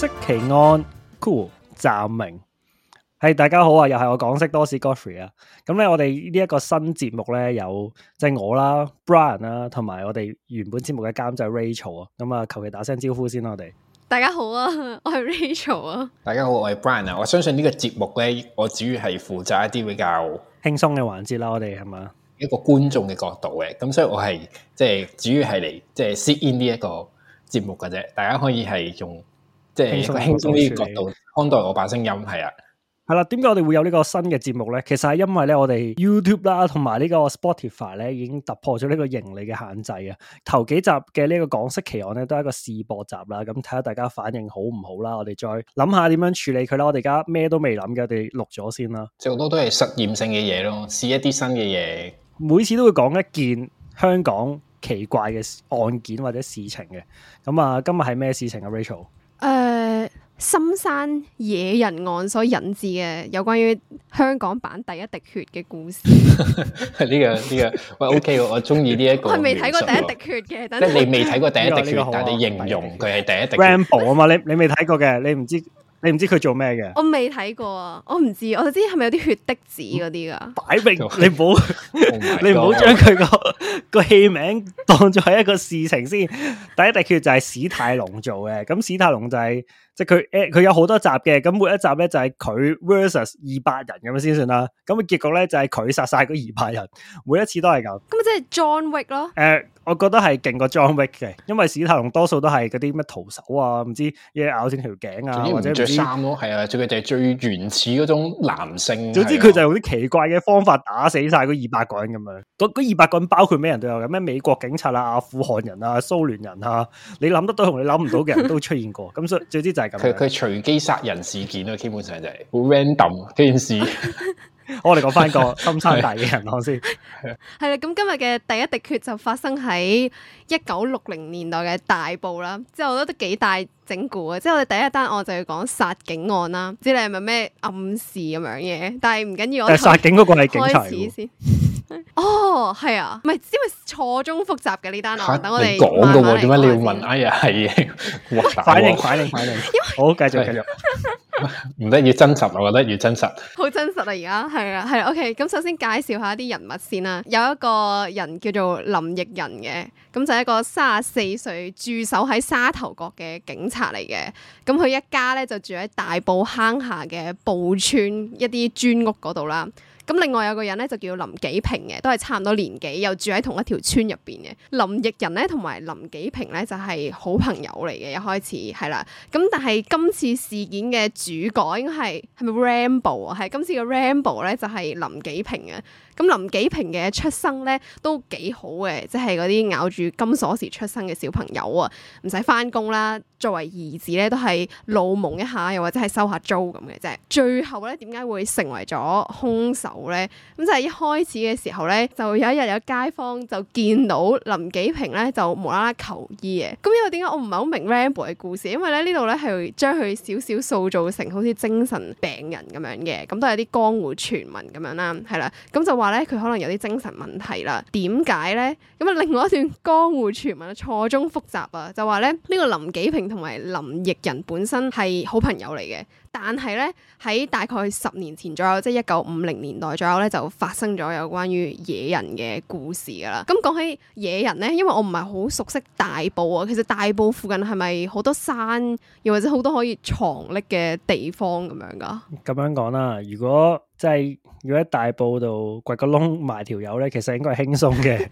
色奇案 cool 暫明，係、cool, hey, 大家好啊！又係我港識多史 Godfrey 啊！咁咧，我哋呢一個新節目咧，有即係我啦，Brian 啦、啊，同埋我哋原本節目嘅監製 Rachel 啊！咁啊，求其打聲招呼先啦、啊，我哋大家好啊，我係 Rachel 啊！大家好，我係 Brian 啊！我相信呢個節目咧，我主要係負責一啲比較輕鬆嘅環節啦、啊，我哋係嘛一個觀眾嘅角度嘅，咁所以我係即係主要係嚟即係、就是、sit in 呢一個節目嘅啫，大家可以係用。即係一輕鬆啲角度看待我把聲音，係啊，係啦。點 解我哋會有呢個新嘅節目咧？其實係因為咧，我哋 YouTube 啦，同埋呢個 Spotify 咧，已經突破咗呢個盈利嘅限制啊。頭幾集嘅呢個港識奇案咧，都係一個試播集啦，咁睇下大家反應好唔好啦。我哋再諗下點樣處理佢啦。我哋而家咩都未諗嘅，我哋錄咗先啦。最多都係實驗性嘅嘢咯，試一啲新嘅嘢。每次都會講一件香港奇怪嘅案件或者事情嘅。咁啊，今日係咩事情啊？Rachel？深山野人案所引致嘅有關於香港版第一滴血嘅故事，呢個呢個喂 OK，我我中意呢一個。佢未睇過第一滴血嘅，即係你未睇過第一滴血，但你形容佢係第一滴血。Rambo 啊嘛，你你未睇過嘅，你唔知你唔知佢做咩嘅。我未睇過啊，我唔知，我就知係咪有啲血滴子嗰啲噶。擺明你唔好，你唔好將佢個個戲名當作係一個事情先。第一滴血就係史泰龍做嘅，咁史泰龍就係、是。即係佢誒，佢有好多集嘅，咁每一集咧就係佢 versus 二百人咁樣先算啦。咁啊結果咧就係佢殺晒嗰二百人，每一次都係咁。咁即係 John Wick 咯？誒、呃，我覺得係勁過 John Wick 嘅，因為史泰龍多數都係嗰啲咩徒手啊，唔知一咬整條頸啊，啊或者着衫咯，係啊，最佢哋最原始嗰種男性。啊、總之佢就用啲奇怪嘅方法打死晒嗰二百個人咁樣。嗰二百個人包括咩人都有，嘅咩美國警察啊、阿富汗人啊、蘇聯人啊，你諗得到同你諗唔到嘅人都出現過。咁所以最之就係、就係。佢佢隨機殺人事件咯，基本上就係好 random 件事。我哋講翻個深山大野人案先，係啦。咁今日嘅第一滴血就發生喺一九六零年代嘅大埔啦。之後我覺得都幾大整蠱啊。之後我哋第一單案就要講殺警案啦。唔知你係咪咩暗示咁樣嘢？但係唔緊要，我殺警嗰個係警察。 哦，係啊，唔係，因為錯綜複雜嘅呢單案，等我哋講到話，點解你要問？哎呀啊？係，快定快定快定，好，繼續繼續，唔得，要真實，我覺得要真實，好真實啊！而家係啊，係 OK。咁首先介紹下一啲人物先啦，有一個人叫做林奕仁嘅，咁就係一個三十四歲駐守喺沙頭角嘅警察嚟嘅，咁佢一家咧就住喺大埔坑下嘅布村一啲磚屋嗰度啦。咁另外有個人咧就叫林幾平嘅，都係差唔多年紀，又住喺同一條村入邊嘅。林奕仁咧同埋林幾平咧就係好朋友嚟嘅，一開始係啦。咁但係今次事件嘅主角應該係係咪 Rambo 啊？係今次嘅 Rambo 咧就係林幾平啊。咁林紀平嘅出生咧都幾好嘅，即係嗰啲咬住金鎖匙出生嘅小朋友啊，唔使翻工啦。作為兒子咧，都係老蒙一下，又或者係收下租咁嘅啫。最後咧，點解會成為咗兇手咧？咁就係一開始嘅時候咧，就有一日有街坊就見到林紀平咧，就無啦啦求醫嘅。咁因為點解我唔係好明 Rambo 嘅故事，因為咧呢度咧係將佢少少塑造成好似精神病人咁樣嘅，咁都係啲江湖傳聞咁樣啦，係啦，咁就話。咧佢可能有啲精神問題啦，點解咧？咁啊，另外一段江湖傳聞錯綜複雜啊，就話咧呢個林紀平同埋林奕人本身係好朋友嚟嘅。但係咧，喺大概十年前左右，即係一九五零年代左右咧，就發生咗有關於野人嘅故事噶啦。咁、嗯、講起野人咧，因為我唔係好熟悉大埔啊，其實大埔附近係咪好多山，又或者好多可以藏匿嘅地方咁樣噶？咁樣講啦，如果真係如果喺大埔度掘個窿埋條友咧，其實應該係輕鬆嘅。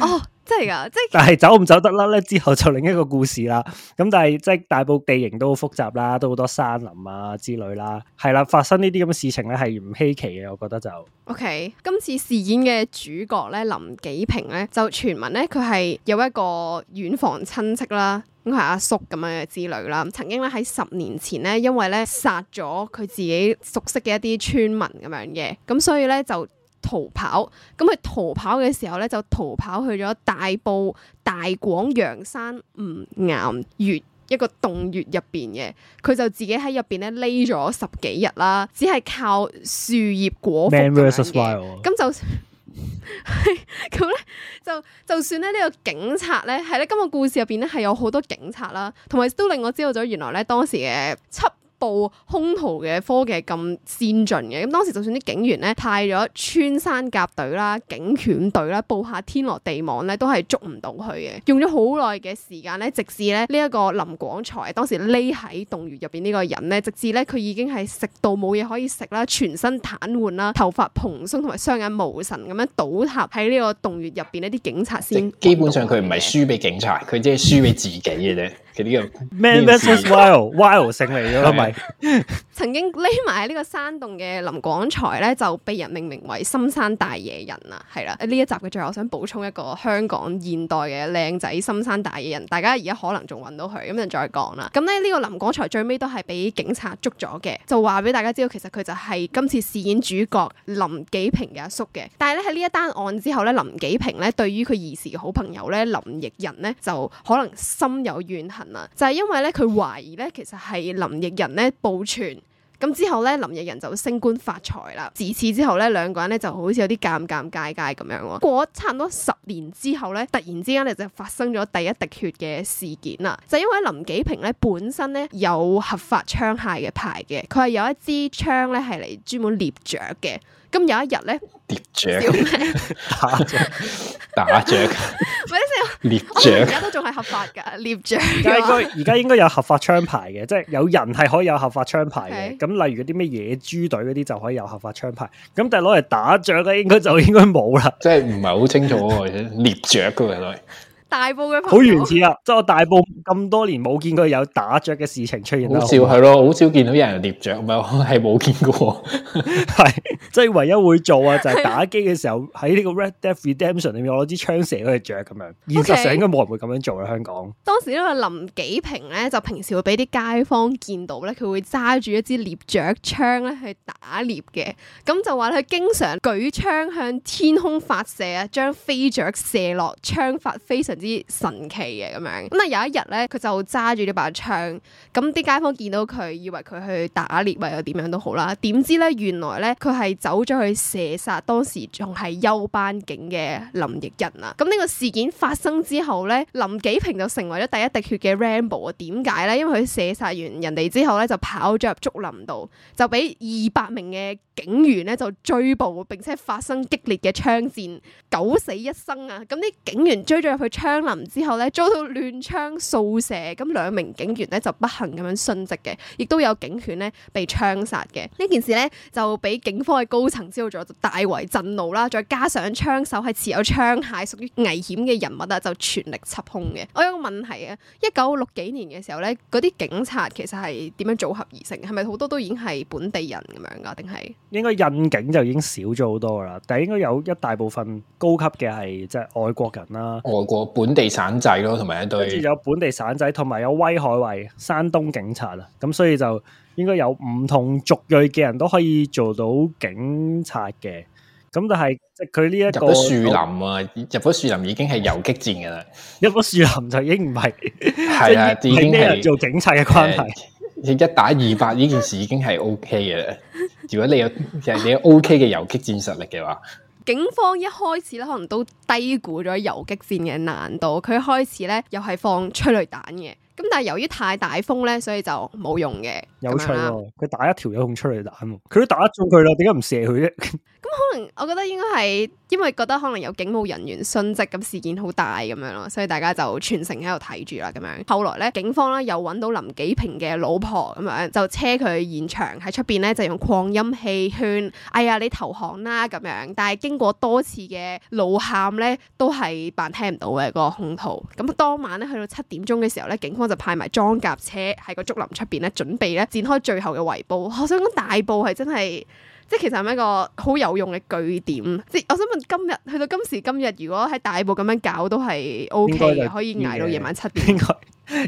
哦。 oh, 真係噶，即係但係走唔走得甩咧？之後就另一個故事啦。咁但係即係大埔地形都好複雜啦，都好多山林啊之類啦，係啦，發生呢啲咁嘅事情咧，係唔稀奇嘅。我覺得就 OK。今次事件嘅主角咧，林幾平咧，就傳聞咧，佢係有一個遠房親戚啦，應該係阿叔咁樣嘅之類啦。曾經咧喺十年前咧，因為咧殺咗佢自己熟悉嘅一啲村民咁樣嘅，咁所以咧就。逃跑，咁佢逃跑嘅時候咧，就逃跑去咗大埔大廣陽山吳岩穴一個洞穴入邊嘅，佢就自己喺入邊咧匿咗十幾日啦，只係靠樹葉果腹咁就咁咧，就就算咧呢個警察咧，係咧，今日故事入邊咧係有好多警察啦，同埋都令我知道咗原來咧當時嘅緝部兇徒嘅科技咁先進嘅，咁當時就算啲警員咧派咗穿山甲隊啦、警犬隊啦，布下天羅地網咧，都係捉唔到佢嘅。用咗好耐嘅時間咧，直至咧呢一個林廣才當時匿喺洞穴入邊呢個人咧，直至咧佢已經係食到冇嘢可以食啦，全身癱瘓啦，頭髮蓬鬆同埋雙眼無神咁樣倒塌喺呢個洞穴入邊呢啲警察先。基本上佢唔係輸俾警察，佢即係輸俾自己嘅啫。 man vs wild，wild 勝利咗啦，咪是的 曾經匿埋喺呢個山洞嘅林廣才咧，就被人命名為深山大野人啦。係啦，呢一集嘅最後，我想補充一個香港現代嘅靚仔深山大野人，大家而家可能仲搵到佢，咁就再講啦。咁咧呢、這個林廣才最尾都係俾警察捉咗嘅，就話俾大家知道，其實佢就係今次事件主角林紀平嘅阿叔嘅。但係咧喺呢一單案之後咧，林紀平咧對於佢兒時嘅好朋友咧林逸人咧，就可能心有怨恨。就係因為咧，佢懷疑咧，其實係林奕仁咧報存。咁之後咧，林奕仁就升官發財啦。自此之後咧，兩個人咧就好似有啲尷尷尬尬咁樣。過咗差唔多十年之後咧，突然之間咧就發生咗第一滴血嘅事件啦。就因為林幾平林紀平咧本身咧有合法槍械嘅牌嘅，佢係有一支槍咧係嚟專門獵雀嘅。咁有一日咧，獵雀着名 打雀。打 獵槍而家都仲係合法噶獵槍，而家 應該有合法槍牌嘅，即係有人係可以有合法槍牌嘅。咁 Okay. 例如嗰啲咩野豬隊嗰啲就可以有合法槍牌，咁但係攞嚟打仗咧，應該就應該冇啦。即係唔係好清楚喎、啊，獵槍噶原來？大埔嘅好原始啊！即係我大埔咁多年冇見過有打雀嘅事情出現，好好笑。好少係咯，好少見到有人獵雀，咪係冇見過。係即係唯一會做啊，就係打機嘅時候喺呢、呢個 Red Dead Redemption 裏面攞支槍射嗰隻雀咁樣。現實上應該冇人會咁樣做啦，香港。當時呢個林紀平咧，就平時會俾啲街坊見到咧，佢會揸住一支獵雀槍咧去打獵嘅。咁就話咧，佢經常舉槍向天空發射啊，將飛雀射落，槍法非常。之神奇嘅咁樣，咁啊有一日咧，佢就揸住呢把槍，咁啲街坊見到佢，以為佢去打獵，或者點樣都好啦。點知咧，原來咧佢係走咗去射殺當時仲係休班警嘅林奕人啊！咁呢個事件發生之後咧，林紀平就成為咗第一滴血嘅 Rambo 啊！點解咧？因為佢射殺完人哋之後咧，就跑咗入竹林度，就俾二百名嘅。警員咧就追捕，並且發生激烈嘅槍戰，九死一生啊！咁啲警員追咗入去槍林之後咧，遭到亂槍掃射，咁兩名警員咧就不幸咁樣殉職嘅，亦都有警犬咧被槍殺嘅。呢件事咧就俾警方嘅高層知道咗，就大為震怒，啦。再加上槍手係持有槍械，屬於危險嘅人物啊，就全力緝兇嘅。我有個問題啊，一九六幾年嘅時候咧，嗰啲警察其實係點樣組合而成嘅？係咪好多都已經係本地人咁樣噶定係？應該印警就已經少咗好多啦，但係應該有一大部分高級嘅係即係外國人啦，外國本地省仔咯，同埋一對。有本地省仔，同埋有，有威海衛山東警察啦，咁所以就應該有唔同族裔嘅人都可以做到警察嘅。咁但係即係佢呢一個。入咗樹林啊！入咗樹林已經係游擊戰噶啦，入咗樹林就已經唔係，即係係咩做警察嘅關係？一、呃、打二百呢件事已經係 O K 嘅。 如果你有人、就是、有 O K 嘅游擊戰實力嘅話，警方一開始咧可能都低估咗游擊戰嘅難度。佢開始咧又係放催淚彈嘅，咁但係由於太大風咧，所以就冇用嘅。有趣，佢樣打一條有用催淚彈？佢都打中佢啦，點解唔射佢啫？ 可能我覺得應該係因為覺得可能有警務人員殉職，咁事件好大咁樣咯，所以大家就全程喺度睇住啦咁樣。後來咧，警方咧又搵到林紀平嘅老婆咁樣，就車佢去現場，喺出邊咧，就用擴音器勸：哎呀，你投降啦咁樣。但係經過多次嘅怒喊咧，都係扮聽唔到嘅嗰、那個兇徒。咁當晚咧去到七點鐘嘅時候咧，警方就派埋裝甲車喺個竹林出邊咧，準備咧展開最後嘅圍捕。我想講大埔係真係。即係其實係咪一個好有用嘅據點。即係我想問今，今日去到今時今日，如果喺大埔咁樣搞都係 OK 嘅，可以捱到夜晚七點。應該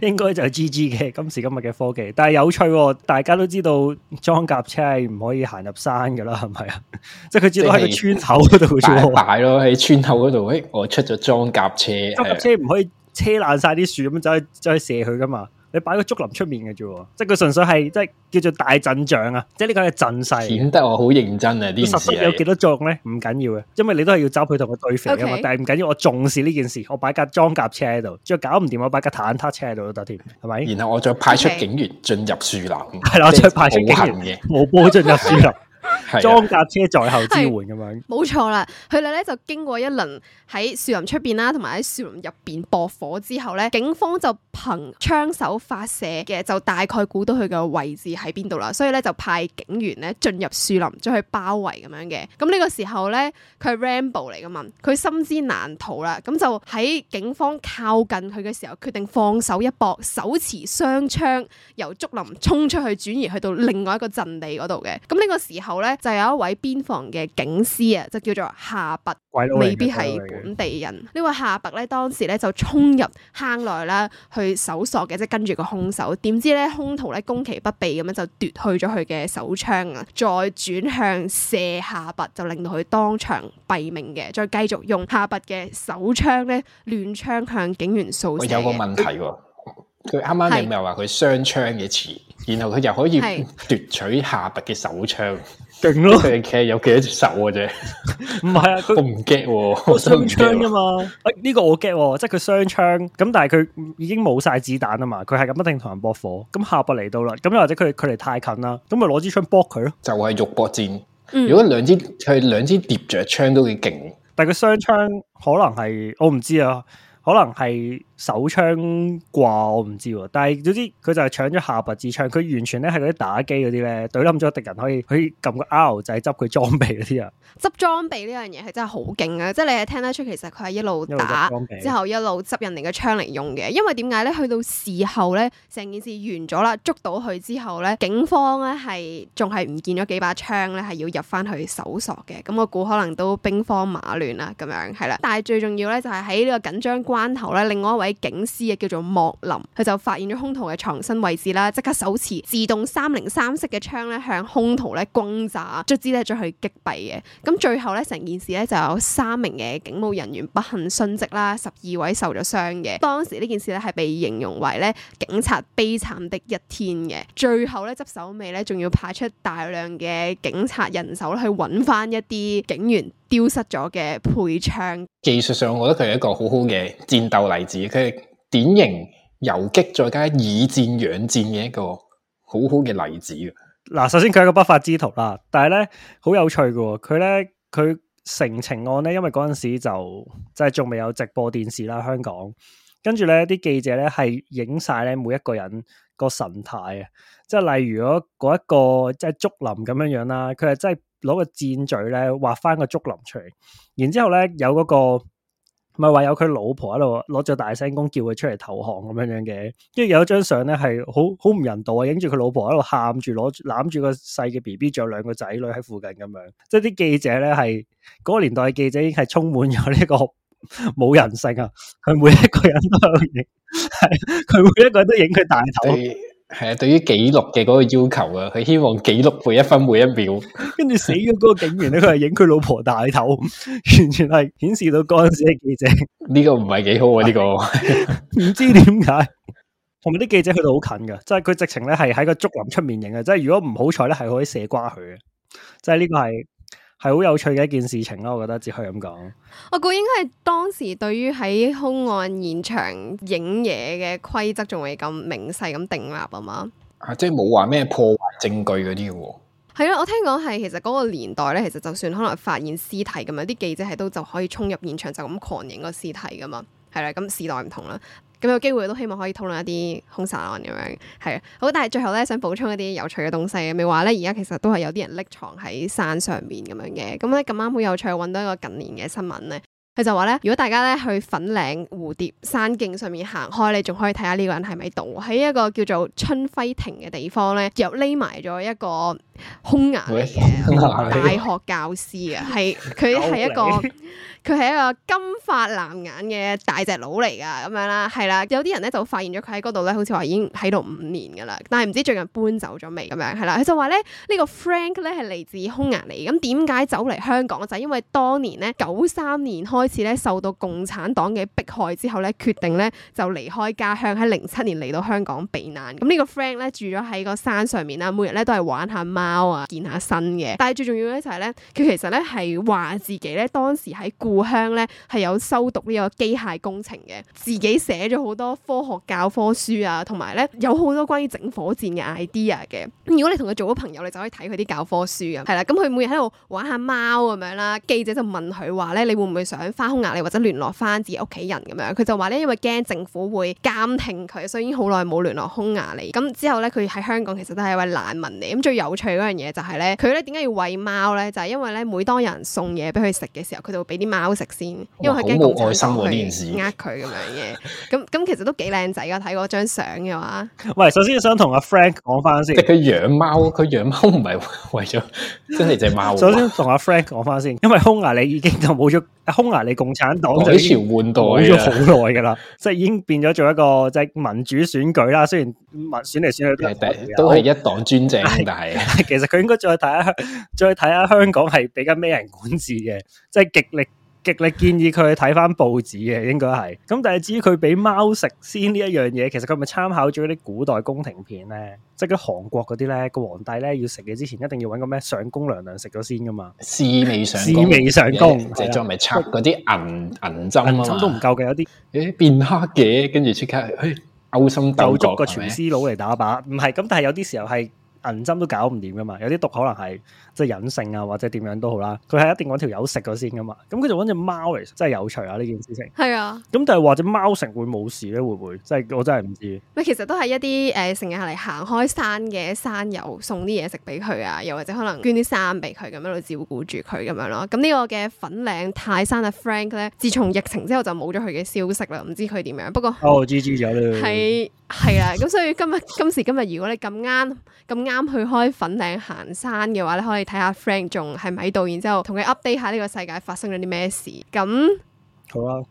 應該就係 G G 嘅今時今日嘅科技。但係有趣，大家都知道裝甲車係唔可以行入山嘅啦，係咪啊？ 即係佢知道喺個村口嗰度。好似好大咯，喺村口嗰度，誒我出咗裝甲車，裝甲車唔可以車爛晒啲樹咁走去走去射佢噶嘛？你擺個竹林出面嘅啫，即係佢純粹係，即係叫做大陣仗啊！即係呢個係陣勢顯得我好認真啊！啲、嗯、實質有幾多作用咧？唔緊要嘅，因為你都係要走佢同佢對肥啊嘛。Okay. 但係唔緊要，我重視呢件事，我擺架裝甲車喺度，再搞唔掂我擺架坦克車喺度都得添，係咪？然後我再派出警員進入樹林，係啦 Okay.，我再派出警員冇波 Okay. 進入樹林。 裝甲車在後支援咁樣，冇錯啦。佢哋咧就經過一輪喺樹林出邊啦，同埋喺樹林入邊駁火之後咧，警方就憑槍手發射嘅，就大概估到佢嘅位置喺邊度啦。所以咧就派警員咧進入樹林將佢包圍咁樣嘅。咁呢個時候咧，佢係 Rambo 嚟噶嘛，佢心知難逃啦。咁就喺警方靠近佢嘅時候，決定放手一搏，手持雙槍由竹林衝出去轉移去到另外一個陣地嗰度嘅。咁呢個時候咧。就有一位邊防嘅警司啊，就叫做夏拔，未必係本地人。呢位 夏拔咧，當時咧就衝入坑內啦，去搜索嘅，即、就、係、是、跟住個兇手。點知咧，兇徒咧攻其不備咁樣就奪去咗佢嘅手槍啊！再轉向射夏拔，就令到佢當場斃命嘅。再繼續用夏拔嘅手槍咧亂槍向警員掃射。我有個問題喎，佢啱啱你咪話佢雙槍嘅詞，然後佢又可以奪取夏拔嘅手槍？ 勁咯！佢其實有幾多隻手嘅啫，唔係啊，佢、 啊、我唔 get 喎，雙槍噶嘛，誒呢、 啊，這個我 get、啊、即係佢雙槍，咁但係佢已經冇晒子彈啊嘛，佢係咁一定同人搏火，咁下步嚟到啦，咁又或者佢哋離太近啦，咁咪攞支槍搏佢咯，就係肉搏戰。如果兩支佢兩支疊着槍都幾勁，但係佢雙槍可能係我唔知啊，可能係。手槍啩，我唔知喎，但係總之佢就係搶咗下巴子槍，佢完全咧係嗰啲打機嗰啲咧，隊冧咗敵人可以可以撳個 L 就執佢裝備嗰啲啊！執裝備呢樣嘢係真係好勁啊！即係你係聽得出其實佢係一路打一路之後一路執人哋嘅槍嚟用嘅，因為點解咧？去到事後咧，成件事完咗啦，捉到佢之後咧，警方咧係仲係唔見咗幾把槍咧，係要入翻去搜索嘅。咁我估可能都兵荒馬亂啦，咁樣係啦。但係最重要咧就係喺呢個緊張關頭咧，另外一位。警司啊，叫做莫林，佢就發現咗凶徒嘅藏身位置啦，即刻手持自動三零三式嘅槍咧，向凶徒咧轟炸，最終咧將佢擊斃嘅。咁最後咧，成件事咧就有三名嘅警務人員不幸殉職啦，十二位受咗傷嘅。當時呢件事咧係被形容為咧警察悲慘的一天嘅。最後咧執手尾咧，仲要派出大量嘅警察人手去搵翻一啲警員。丟失咗嘅配槍。技術上，我覺得佢係一個好好嘅戰鬥例子，佢係典型游擊再加以戰養戰嘅一個好好嘅例子。嗱，首先佢係一個不法之徒啦，但係咧好有趣㗎，佢咧佢成情案咧，因為嗰陣時就即係仲未有直播電視啦，香港，跟住咧啲記者咧係影晒咧每一個人個神態啊，即係例如嗰一個即係竹林咁樣樣啦，佢係真係。攞個箭嘴咧畫翻個竹林出嚟，然之後咧有嗰、嗰個，咪話有佢老婆喺度攞咗大聲公叫佢出嚟投降咁樣嘅，跟住有一張相咧係好好唔人道啊！影住佢老婆喺度喊住攞住攬住個細嘅 B B，仲有兩個仔女喺附近咁樣，即係啲記者咧係嗰個年代嘅記者已經係充滿咗呢、呢個冇 人性啊！佢每一個人都係影，係 佢每一個人都影佢大頭。係啊，對於記錄嘅嗰個要求啊，佢希望記錄每一分每一秒。跟 住死咗嗰個警員咧，佢係影佢老婆大頭，完全係顯示到嗰陣時嘅記者。呢個唔係幾好啊，呢、 呢個唔 知點解。同埋啲記者去到好近噶，即係佢直情咧係喺個竹林出面影嘅，即係如果唔好彩咧係可以射瓜佢嘅，即係呢個係。係好有趣嘅一件事情咯，我覺得只可以咁講。我估應該係當時對於喺兇案現場影嘢嘅規則仲係咁明細咁定立啊嘛。啊，即係冇話咩破壞證據嗰啲嘅喎。係啊，我聽講係其實嗰個年代咧，其實就算可能發現屍體咁樣，啲記者係都就可以衝入現場就咁狂影個屍體噶嘛。係啦，咁、嗯、時代唔同啦。咁有機會都希望可以討論一啲兇殺案咁樣，係啊，好！但係最後咧，想補充一啲有趣嘅東西，咪話咧，而家其實都係有啲人匿藏喺山上面咁樣嘅。咁咧咁啱好有趣，揾到一個近年嘅新聞咧，佢就話咧，如果大家咧去粉嶺蝴蝶山徑上面行開，你仲可以睇下呢個人係咪喺度喺一個叫做春暉亭嘅地方咧，又匿埋咗一個。匈牙利嘅大學教師啊，係佢係一個佢係一個金髮藍眼嘅大隻佬嚟噶，咁樣啦，係啦，有啲人咧就發現咗佢喺嗰度咧，好似話已經喺度五年噶啦，但係唔知最近搬走咗未？咁、嗯、樣係啦，佢就話咧呢、這個 Frank 咧係嚟自匈牙利嚟，咁點解走嚟香港？就因為當年咧九三年開始咧受到共產黨嘅迫害之後咧，決定咧就離開家鄉，喺零七年嚟到香港避難。咁呢個 Frank 咧住咗喺個山上面啦，每日咧都係玩下馬。貓啊，健下身嘅。但係最重要咧就係、是、咧，佢其實咧係話自己咧當時喺故鄉咧係有修讀呢個機械工程嘅，自己寫咗好多科學教科書啊，同埋咧有好多關於整火箭嘅 idea 嘅。如果你同佢做咗朋友，你就可以睇佢啲教科書嘅。係啦，咁佢每日喺度玩下貓咁樣啦。記者就問佢話咧，你會唔會想翻匈牙利或者聯絡翻自己屋企人咁樣？佢就話咧，因為驚政府會監聽佢，所以已經好耐冇聯絡匈牙利。咁之後咧，佢喺香港其實都係一位難民嚟。咁最有趣樣嘢就係咧，佢咧點解要餵貓咧？就係、是、因為咧，每當人送嘢俾佢食嘅時候，佢就會俾啲貓食先。因為我驚好愛心喎呢件事，呃佢咁樣嘢。咁咁其實都幾靚仔噶，睇嗰張相嘅話。喂，首先想同阿 Frank 講翻先，佢養貓，佢養貓唔係為咗真係隻貓。首先同阿 Frank 講翻先，因為匈牙利已經就冇咗，匈牙利共產黨改朝換代咗好耐噶啦，即係已經變咗做一個即係、就是、民主選舉啦。雖然民選嚟選去都係都係一黨專政，但係。 其實佢應該再睇下，再睇下香港係俾緊咩人管治嘅，即係極力極力建議佢睇翻報紙嘅，應該係。咁但係至於佢俾貓食先呢一樣嘢，其實佢咪參考咗啲古代宮廷片咧？即係啲韓國嗰啲咧，個皇帝咧要食嘢之前，一定要搵個咩上宮娘娘食咗先噶嘛？試味上試味上宮，的即係再咪插嗰啲銀銀針咯，都唔夠嘅有啲。誒、欸、變黑嘅，跟住即刻去勾、哎、心鬥角，就捉個廚師佬嚟打靶。唔係咁，但係有啲時候係。銀針都搞唔掂㗎嘛，有啲毒可能係。即係隱性啊，或者點樣都好啦，佢係一定揾條友食咗先噶嘛。咁佢就揾隻貓嚟，真係有趣啊呢件事情。係啊。咁但係或者貓食會冇事咧，會唔會？即係我真係唔知。咪其實都係一啲誒，成日嚟行開山嘅山友，送啲嘢食俾佢啊，又或者可能捐啲衫俾佢咁樣，去照顧住佢咁樣咯。咁呢個嘅粉嶺泰山啊 Frank 咧，自從疫情之後就冇咗佢嘅消息啦，唔知佢點樣。不過，我知知咗啦。係係啊，咁所以今日今時今日，如果你咁啱咁啱去開粉嶺行山嘅話你可以。睇下 Frank 仲係咪喺度，然之後同佢 update 下呢個世界發生咗啲咩事。咁好啦吧，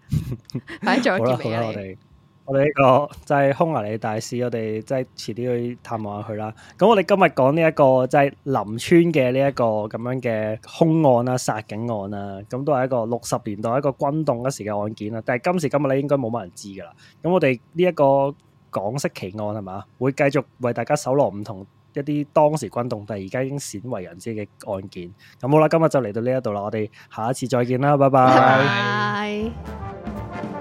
快啲做咗結尾啦！我哋呢、這個即係、就是、匈牙利大使，我哋即係遲啲去探望下佢啦。咁我哋今日講呢一個即係林村嘅呢一個咁樣嘅凶案啦、殺警案啦，咁都係一個六十年代一個轟動一時嘅案件啦。但係今時今日咧，應該冇乜人知噶啦。咁我哋呢一個港識奇案係嘛，會繼續為大家搜羅唔同。一啲當時轟動，但係而家已經鮮為人知嘅案件。咁好啦，今日就嚟到呢一度啦，我哋下一次再見啦，拜拜。Bye.